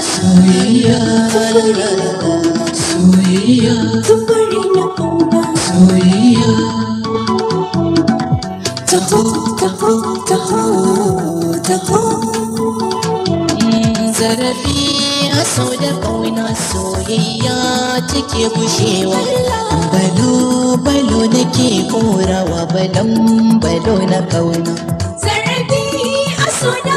soyayya soyayya na soyayya taho na kauna soyayya take bushewa balo balo nake korawa balon balo zarafi a da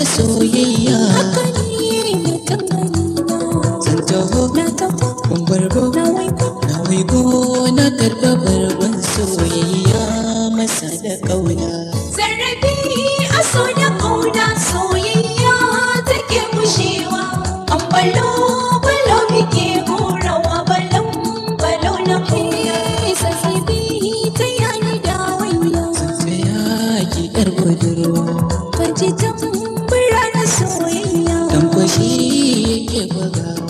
da soyayya haka ne irin karɓa bargon soyayya masa da ƙauna zarrafi a so da ƙauna soyayya take bushewa an ballo kuma shi yake bugawa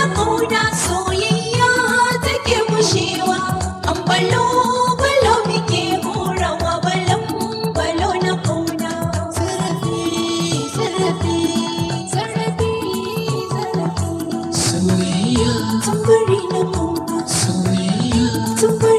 Tumbarina tumba Soyayya Tumbarina